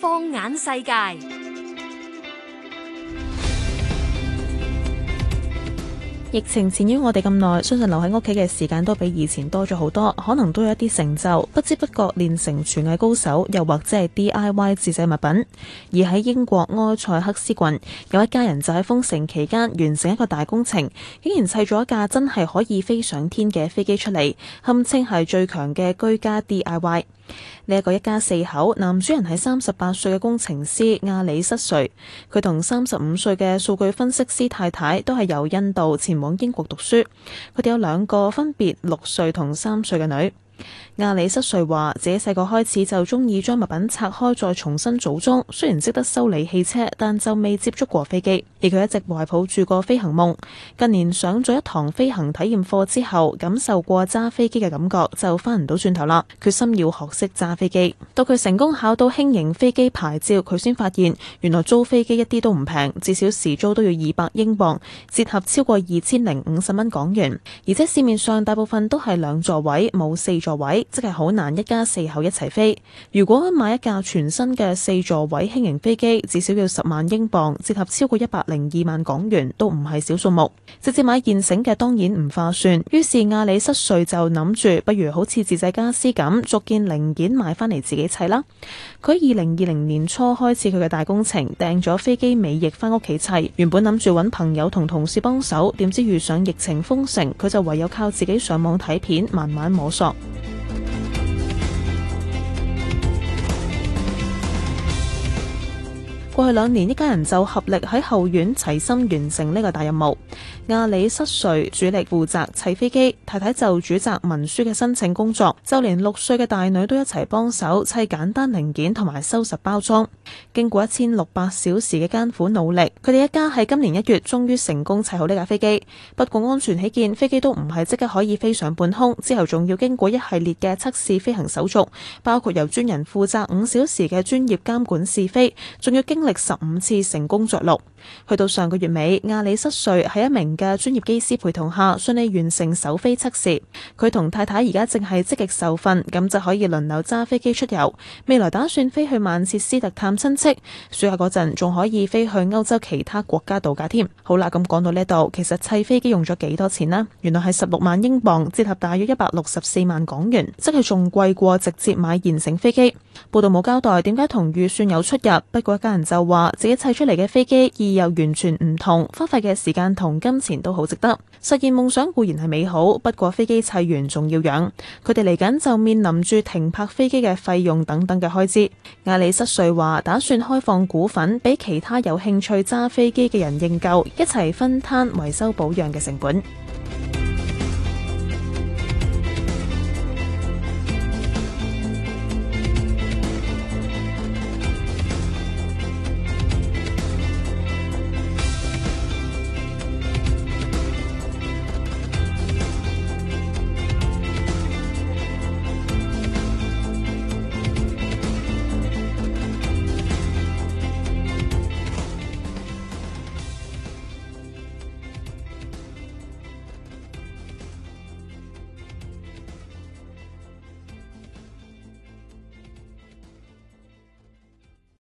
放眼世界。疫情前於我哋咁耐，相信留喺屋企嘅時間都比以前多咗好多，可能都有一啲成就，不知不覺練成廚藝高手，又或者係 D I Y 自製物品。而喺英國埃塞克斯郡，有一家人就喺封城期間完成一個大工程，竟然砌咗一架真係可以飛上天嘅飛機出嚟，堪稱係最強嘅居家 D I Y。呢一個一家四口，男主人係三十八歲嘅工程師亞里什瑞，佢同三十五歲嘅數據分析師太太都係由印度前往英國讀書，佢哋有兩個分別六歲同三歲嘅女。亞里什瑞話：自己細個開始就中意將物品拆開再重新組裝，雖然識得修理汽車，但就未接觸過飛機。而佢一直懷抱住個飛行夢。近年上咗一堂飛行體驗課之後，感受過揸飛機嘅感覺，就翻唔到轉頭啦，決心要學識揸飛機。到佢成功考到輕型飛機牌照，佢先發現原來租飛機一啲都唔平，至少時租都要二百英鎊，折合超過二千零五十蚊港元。而且市面上大部分都係兩座位，冇四座。位即係好難，一家四口一齊飛。如果買一架全新嘅四座位輕型飛機，至少要十萬英鎊，折合超過一百零二萬港元，都唔係小數目。直接買現成嘅當然唔劃算，於是亞里失稅就諗住，不如好似自製家私咁，逐件零件買翻嚟自己砌啦。佢喺二零二零年初開始，佢嘅大工程，訂咗飛機尾翼翻屋企砌。原本諗住揾朋友同同事幫手，點知遇上疫情封城，佢就唯有靠自己上網睇片，慢慢摸索。過去兩年，一家人就合力喺後院齊心完成呢個大任務。亞里失瑞，主力負責砌飛機；太太就主責文書嘅申請工作。就連六歲嘅大女都一齊幫手砌簡單零件同埋收拾包裝。經過一千六百小時嘅艱苦努力，佢哋一家喺今年一月終於成功砌好呢架飛機。不過安全起見，飛機都唔係即刻可以飛上半空，之後仲要經過一系列嘅測試飛行手續，包括由專人負責五小時嘅專業監管試飛，仲要經。經歷十五次成功着陸，去到上個月尾，亞里失睡喺一名嘅專業機師陪同下順利完成首飛測試。佢同太太而家正係積極受訓，咁就可以輪流揸飛機出遊。未來打算飛去曼徹斯特探親戚，暑假嗰陣仲可以飛去歐洲其他國家度假添。好啦，咁講到呢度，其實砌飛機用咗幾多錢呢？原來係十六萬英鎊，折合大約一百六十四萬港元，即係仲貴過直接買現成飛機。報道冇交代點解同預算有出入，不過一家人就話自己砌出嚟嘅飛機意義又完全唔同，花費嘅時間同金錢都好值得。實現夢想固然係美好，不過飛機砌完仲要養，佢哋嚟緊就面臨住停泊飛機嘅費用等等嘅開支。艾利失瑞話，打算開放股份俾其他有興趣揸飛機嘅人認購，一齊分攤維修保養嘅成本。